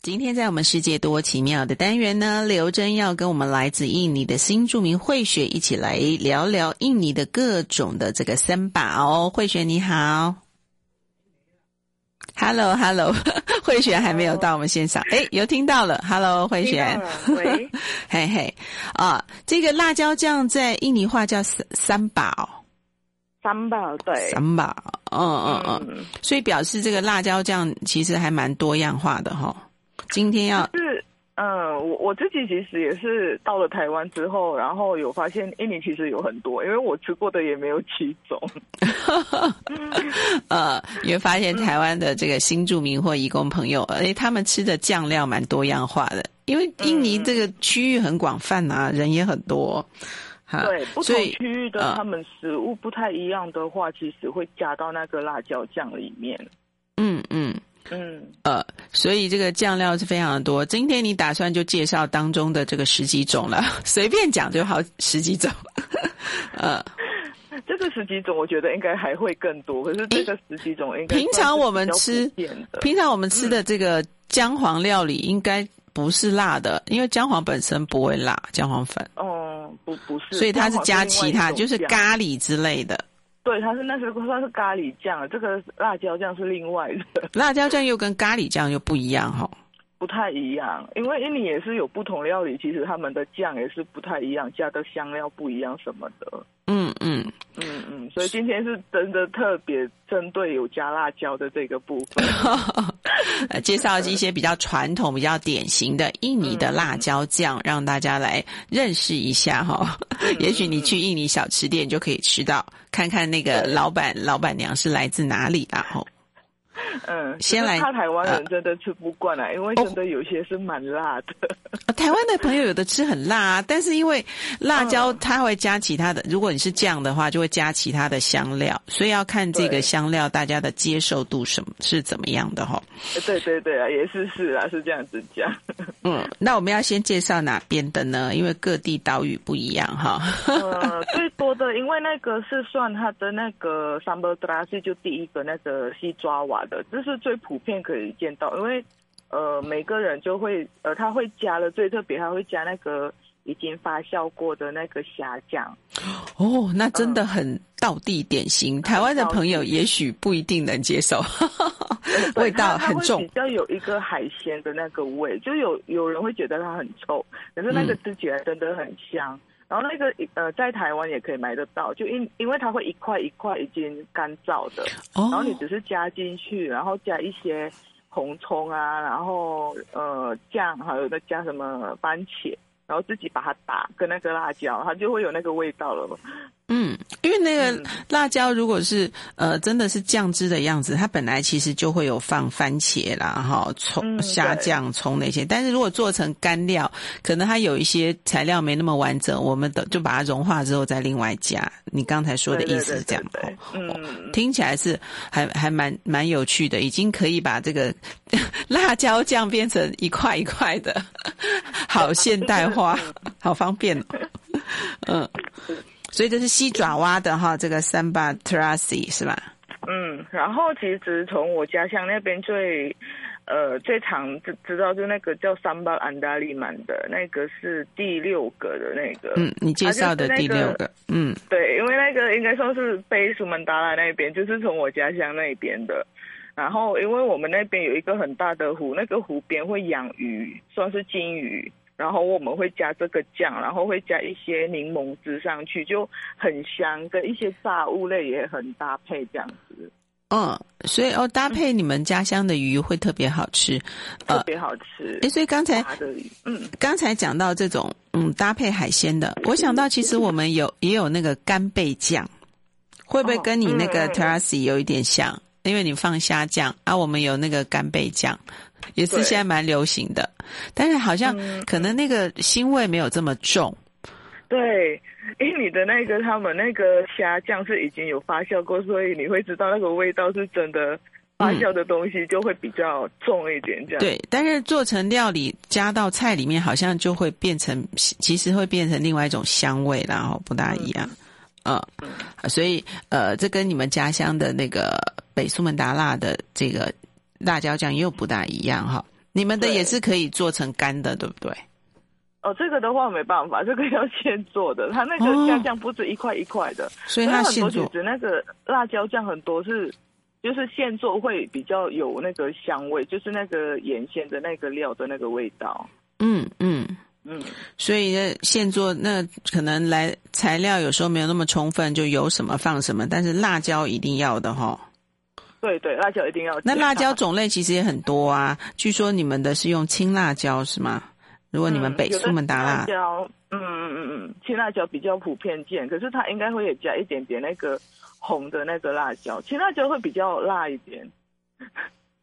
今天在我們世界多奇妙的單元呢，劉真要跟我們來自印尼的新住民慧璇一起來聊聊印尼的各種的這個參巴。慧璇你好，Hello Hello，, hello. 慧璇還沒有到我們現場。哎，有聽到了，Hello 到了慧璇，喂 嘿嘿啊，這個辣椒醬在印尼話叫參、參巴，參巴對，參巴，嗯嗯嗯，嗯所以表示這個辣椒醬其實還蠻多樣化的哈、哦。今天要是嗯，我我自己其實也是到了台灣之後，然後有發現印尼其實有很多，因為我吃過的也沒有幾種。 嗯、呃，也發現台灣的這個新住民或移工朋友，嗯、而且他們吃的醬料蠻多樣化的，因為印尼這個區域很廣泛啊，人也很多。哈對，不同區域的他們食物不太一樣的話，呃、其實會加到那個辣椒醬裡面。嗯嗯。嗯嗯呃，所以這個醬料是非常的多。今天你打算就介紹當中的這個十幾種了，隨便講就好十幾種。呵呵呃，這個十幾種我覺得應該還會更多，可是這個十幾種應該是的，平常我們吃，平常我們吃的這個薑黃料理應該不是辣的，嗯、因為薑黃本身不會辣，薑黃粉。哦、嗯，不不是，所以它是加其他，是就是咖喱之類的。對，它是那時候它是咖喱醬，這個辣椒醬是另外的。 辣椒醬又跟咖喱醬又不一樣哈、哦。不太一樣，因為印尼也是有不同料理，其實他們的醬也是不太一樣，加的香料不一樣什麼的。嗯嗯嗯嗯，所以今天是真的特別針對有加辣椒的這個部分， 介紹一些比較傳統、比較典型的印尼的辣椒醬，嗯、讓大家來認識一下哈。嗯、 也許你去印尼小吃店就可以吃到，看看那個老闆、對老闆娘是來自哪裡然、啊、後。嗯，先來，怕台灣人真的吃不慣啊，啊因為真的有些是蠻辣的。哦、台灣的朋友有的吃很辣，啊，但是因為辣椒他會加其他的，嗯、如果你是醬的話，就會加其他的香料，所以要看這個香料大家的接受度什麼是怎麼樣的哈。對，對對對啊，也是是啊，是這樣子講。嗯，那我們要先介紹哪邊的呢？因為各地島嶼不一樣哈。嗯那個是算他的那個 Sambal Terasi，就第一個那個西爪哇的，這是最普遍可以見到，因為呃每個人就會呃他會加了最特別，他會加那個已經發酵過的那個蝦醬。哦，那真的很道地典型，呃、台灣的朋友也許不一定能接受， 味道很重，要有一個海鮮的那個味，就有有人會覺得它很臭，可是那個吃起來真的很香。嗯然後那個呃，在台灣也可以買得到，就因因為它會一塊一塊已經乾燥的，然後你只是加進去，然後加一些紅蔥啊，然後呃醬，還有那加什麼番茄，然後自己把它打跟那個辣椒，它就會有那個味道了。嗯。因為那個辣椒，如果是，嗯、呃，真的是醬汁的樣子，它本來其實就會有放番茄啦，哈，蔥、嗯、蝦醬蔥那些，但是如果做成乾料，可能它有一些材料沒那麼完整，我們的就把它融化之後再另外加。你剛才說的意思是這樣的。聽起來是還還蠻蠻有趣的，已經可以把這個辣椒醬變成一塊一塊的，好現代化， 好方便，哦、嗯。所以這是西爪哇的哈，這個參巴特拉西是吧？嗯，然後其實從我家鄉那邊最，呃，最常知知道就那個叫參巴安達利曼的那個是第六個的那個。嗯，你介紹的、啊就是那個、第六個。嗯，對，因為那個應該說是北蘇門答臘那邊，就是從我家鄉那邊的。然後，因為我們那邊有一個很大的湖，那個湖邊會養魚，算是金魚。然後我們會加這個醬，然後會加一些檸檬汁上去，就很香。跟一些炸物類也很搭配，這樣子。嗯，所以哦，搭配你們家鄉的魚會特別好吃，嗯呃、特別好吃。誒所以剛才嗯，剛才講到這種嗯，搭配海鮮的，嗯、我想到其實我們有、嗯、也有那個乾貝醬，嗯、會不會跟你那個 terasi 有一點像？嗯、因為你放蝦醬啊，我們有那個乾貝醬。也是現在蠻流行的，對但是好像可能那個腥味沒有這麼重。對，因為你的那個他們那個蝦醬是已經有發酵過，所以你會知道那個味道是真的發酵的東西、嗯、就會比較重一點。這樣。對，但是做成料理加到菜裡面，好像就會變成其實會變成另外一種香味，然後不大一樣。嗯，呃、嗯，所以呃，這跟你們家鄉的那個北蘇門答臘的這個。辣椒醬又不大一樣哈，嗯、你們的也是可以做成乾的，對，對不對？哦，這個的話沒辦法，這個要現做的。它那個醬醬不止一塊一塊的，哦、所以它現做是很多其實，那個辣椒醬很多是就是現做會比較有那個香味，就是那個鹽線的那個料的那個味道。嗯嗯嗯，嗯嗯所以呢，現做那可能來材料有時候沒有那麼充分，就有什麼放什麼，但是辣椒一定要的哈、哦。對對，辣椒一定要。那辣椒種類其實也很多啊。 據說你們的是用青辣椒是嗎？如果你們北蘇門答臘嗯辣椒嗯嗯嗯，青辣椒比較普遍見，可是它應該會也加一點點那個紅的那個辣椒。青辣椒會比較辣一點。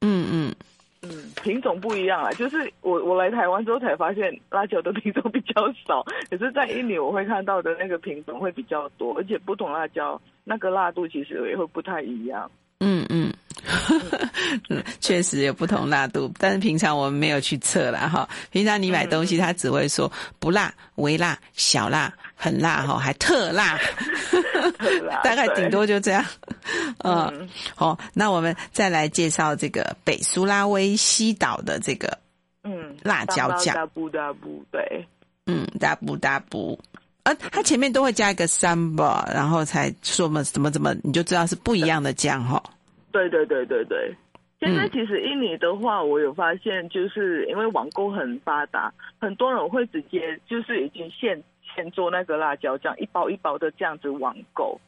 嗯嗯嗯，品種不一樣啊。就是我我來台灣之後才發現，辣椒的品種比較少。可是在印尼我會看到的那個品種會比較多，而且不同辣椒那個辣度，其實也會不太一樣。嗯嗯，嗯，確實有不同辣度，但是平常我們沒有去測啦。哈。平常你買東西，他只會說不辣、微辣、小辣、很辣、哈，還特辣，特辣大概頂多就這樣。對嗯，好、嗯，那我們再來介紹這個北蘇拉威西島的這個嗯辣椒醬，Dabu-Dabu 對，嗯，Dabu-Dabu。呃，它、啊、前面都會加一個參巴，然後才說嘛怎麼怎麼，你就知道是不一樣的醬哈。對對對對對，現在其實印尼的話，我有發現，就是因為網購很發達，很多人會直接就是已經現現做那個辣椒醬，一包一包的這樣子網購，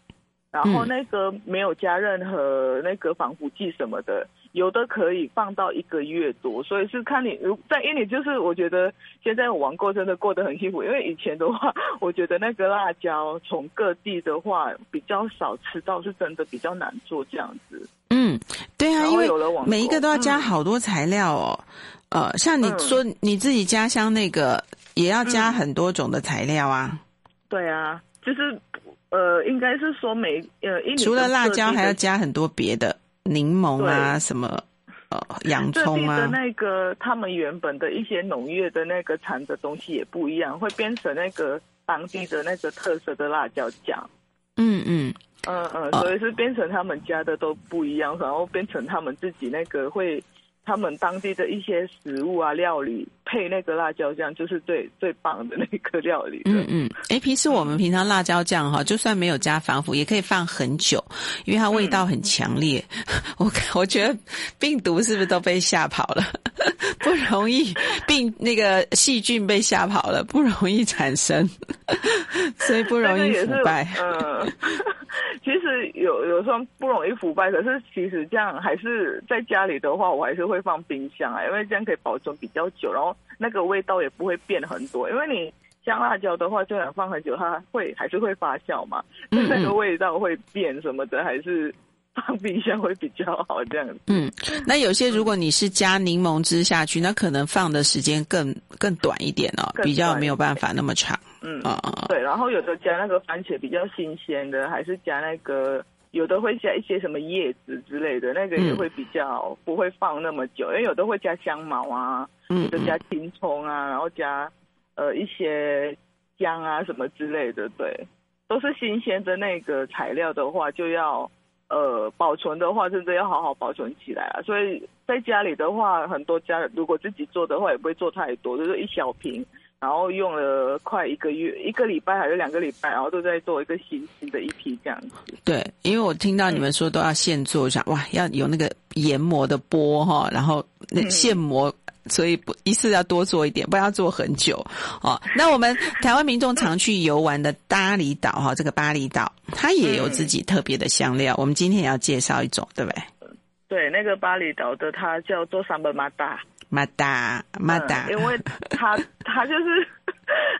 然後那個沒有加任何那個防腐劑什麼的。有的可以放到一個月多，所以是看你如在印尼，就是我覺得現在網購真的過得很幸福，因為以前的話，我覺得那個辣椒從各地的話比較少吃到，是真的比較難做這樣子。嗯，對啊，因為有了網購，每一個都要加好多材料哦。嗯、呃，像你說、嗯、你自己家鄉那個，也要加很多種的材料啊。嗯、對啊，就是呃，應該是說每呃，印尼除了辣椒，還要加很多別的。檸檬啊，對什麼，呃，洋蔥啊，的那個他們原本的一些農業的那個產的東西也不一樣，會變成那個當地的那個特色的辣椒醬。嗯嗯嗯嗯，所以是變成他們家的都不一樣，呃、然後變成他們自己那個會。他們當地的一些食物啊，料理配那個辣椒醬，就是最最棒的那個料理嗯。嗯嗯，誒、欸，平時我們平常辣椒醬哈，就算沒有加防腐，也可以放很久，因為它味道很強烈。嗯、我我覺得病毒是不是都被嚇跑了？ 不容易病， 那個細菌被嚇跑了，不容易產生， 所以不容易腐敗。嗯。有有時候不容易腐敗，可是其實這樣還是在家裡的話，我還是會放冰箱啊，因為這樣可以保存比較久，然後那個味道也不會變很多。因為你香辣椒的話，雖然放很久，它會還是會發酵嘛，但那個味道會變什麼的，還是。放冰箱會比較好，這樣。嗯，那有些如果你是加檸檬汁下去，那可能放的時間更更短一點哦，短比較沒有辦法對那麼長。嗯啊，嗯對。然後有的加那個番茄比較新鮮的，還是加那個有的會加一些什麼葉子之類的，那個也會比較不會放那麼久，嗯、因為有的會加香茅啊，嗯，有的加青蔥啊，然後加呃一些薑啊什麼之類的，對，都是新鮮的那個材料的話，就要。呃，保存的話，真的要好好保存起來啊。所以在家裡的話，很多家如果自己做的話，也不會做太多，就是一小瓶，然後用了快一個月、一個禮拜還是兩個禮拜，然後都在做一個新新的一批這樣子。對，因為我聽到你們說都要現做，我想、嗯、哇，要有那個研磨的缽哈，然後那現磨。嗯所以不一次要多做一點，不要做很久哦。那我們台灣民眾常去遊玩的巴厘島哈，這個巴厘島它也有自己特別的香料，嗯、我們今天也要介紹一種，對不對？對，那個巴厘島的它叫做 “sambal matah matah matah”，嗯、因為它它就是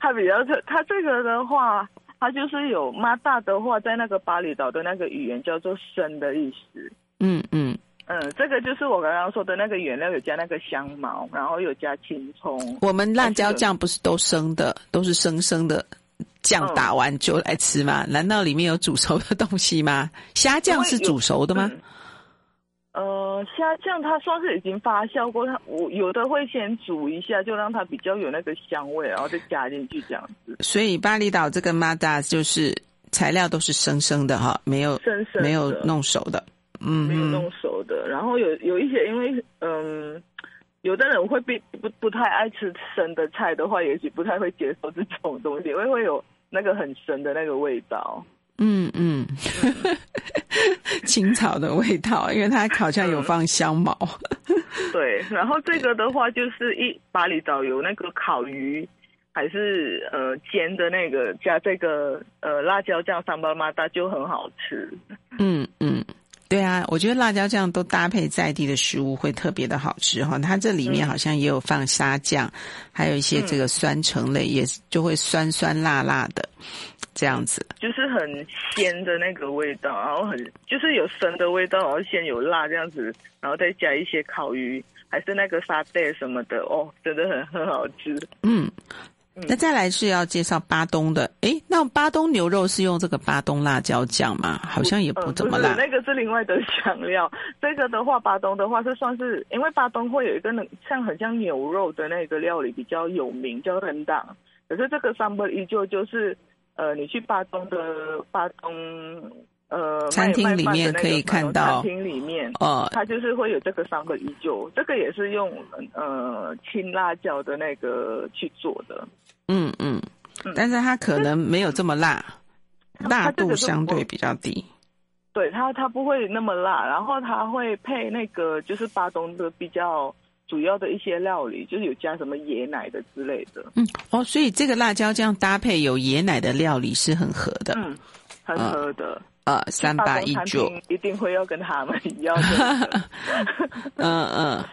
它比較特它這個的話，它就是有 matah 的話，在那個巴厘島的那個語言叫做“生”的意思。嗯嗯。嗯嗯，這個就是我剛剛說的那個原料，有加那個香茅，然後有加青蔥。我們辣椒醬不是都生的，是都是生生的醬打完就來吃嗎？嗯，難道裡面有煮熟的東西嗎？蝦醬是煮熟的嗎？嗯，呃，蝦醬它算是已經發酵過，它我有的會先煮一下，就讓它比較有那個香味，然後再加進去這樣子。所以巴厘島這個 Matah 就是材料都是生生的哈，沒有生生沒有弄熟的。嗯，沒有弄熟的，然後有有一些，因為嗯，有的人會不不不太愛吃生的菜的話，也許不太會接受這種東西，因為會有那個很生的那個味道。嗯嗯，青、嗯、草的味道， 因為它好像有放香茅、嗯。對，然後這個的話就是一巴厘島有那個烤魚，還是呃煎的那個加這個呃辣椒醬三巴馬達，它就很好吃。嗯嗯。嗯對啊，我覺得辣椒醬都搭配在地的食物會特別的好吃哈。它這裡面好像也有放沙醬，嗯、還有一些這個酸橙類，也就會酸酸辣辣的這樣子。就是很鮮的那個味道，然後很就是有生的味道，然後先有辣這樣子，然後再加一些烤魚，還是那個沙嗲什麼的哦，真的很很好吃。嗯。嗯、那再來是要介紹巴東的，哎、欸，那巴東牛肉是用這個巴東辣椒醬嗎？好像也不怎麼辣。嗯、那個是另外的香料，這個的話，巴東的話是算是，因為巴東會有一個很像很像牛肉的那個料理比較有名，叫 Rendang。Ang, 可是這個 Sambal ijo 就是，呃，你去巴東的巴東。呃，餐廳裡面可以看到，餐廳裡面哦，呃、它就是會有這個 Sambal Ijo，這個也是用呃青辣椒的那個去做的，嗯嗯，但是它可能沒有這麼辣，嗯、辣度相對比較低，對，它它不會那麼辣，然後它會配那個就是巴東的比較主要的一些料理，就是有加什麼椰奶的之類的，嗯哦，所以這個辣椒醬搭配有椰奶的料理是很合的，嗯，很合的。呃呃，三八一九一定會要跟他們一樣。的 嗯。嗯嗯，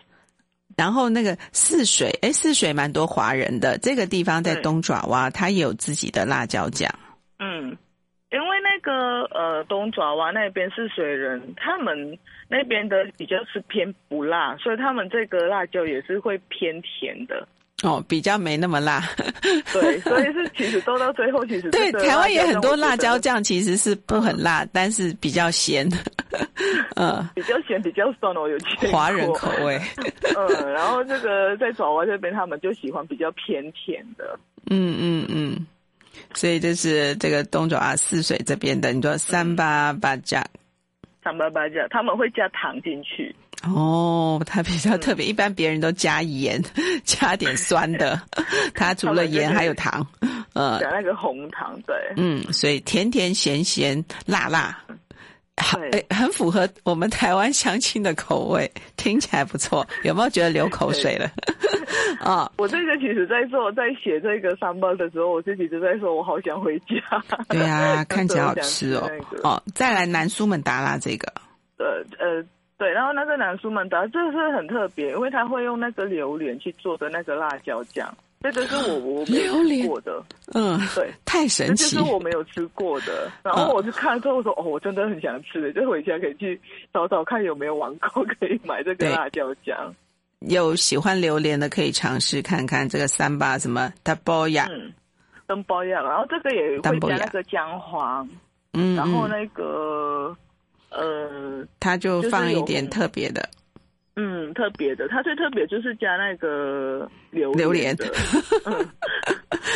然後那個泗水，哎，泗水蠻多華人的這個地方在東爪哇，他對也有自己的辣椒醬。嗯，因為那個呃東爪哇那邊泗水人，他們那邊的比較是偏不辣，所以他們這個辣椒也是會偏甜的。哦，比較沒那麼辣， 對，所以是其實到到最後其實對。台灣也很多辣椒醬，其實是不很辣，嗯、但是比較鹹，呃、嗯、比較鹹比較酸我有覺得華人口味，嗯，然後這個在爪哇這邊，他們就喜歡比較偏甜，甜的，嗯嗯嗯，所以這是這個東爪哇，泗水這邊的，你說 sambal bajak，sambal bajak，他們會加糖進去。哦，它比較特別，嗯、一般別人都加鹽，加點酸的，它除了鹽，就是、還有糖，呃，加那個紅糖對，嗯，所以甜甜鹹鹹辣辣，很對、欸、很符合我們台灣鄉親的口味，聽起來不錯，有沒有覺得流口水了？啊，哦、我這個其實在做，在寫這個 sambal 的時候，我自己就在說，我好想回家。對啊，看起來好吃哦，吃那個、哦，再來南蘇門答臘這個，呃呃。呃對，然後那個南蘇門答臘，這是很特別，因為他會用那個榴蓮去做的那個辣椒醬，這個是我我沒有吃過的，嗯，對，太神奇，這就是我沒有吃過的。然後我就看了之後，我說、嗯、哦，我真的很想吃，的就回家可以去找找看有沒有網購可以買這個辣椒醬。有喜歡榴蓮的可以嘗試看看這個 sambal 什麼 tempoyak，tempoyak 然後這個也會加那個薑黃，嗯，然後那個。呃，就是、他就放一點特別的，嗯，特別的，他最特別就是加那個榴蓮的榴蓮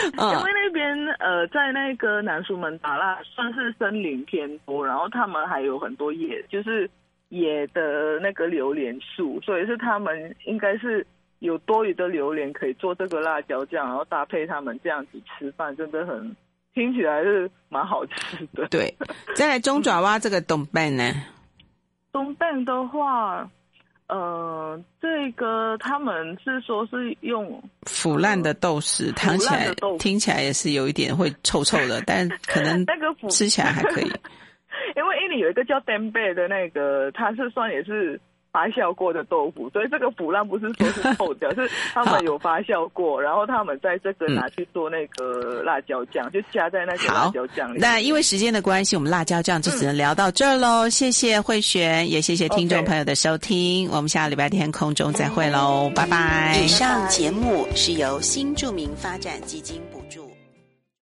、嗯，因為那邊、嗯、呃，在那個南蘇門答臘算是森林偏多，然後他們還有很多野，就是野的那個榴蓮樹，所以是他們應該是有多餘的榴蓮可以做這個辣椒醬，然後搭配他們這樣子吃飯，真的很。聽起來是蠻好吃的，對。再來中爪哇這個東貝呢？東貝的話，呃，這個他們是說是用腐爛的豆豉，聽起來聽起來也是有一點會臭臭的， 但可能吃起來還可以。 因為印尼有一個叫丹貝的那個，他是算也是。發酵過的豆腐，所以這個腐爛不是說是臭掉， 是他們有發酵過，好然後他們在這個拿去做那個辣椒醬，嗯、就加在那些辣椒醬裡。那因為時間的關係，我們辣椒醬就只能聊到這兒嘍。嗯、謝謝慧璇，也謝謝聽眾朋友的收聽，Okay. 我們下個禮拜天空中再會嘍，嗯、拜拜。以上節目是由新住民發展基金補。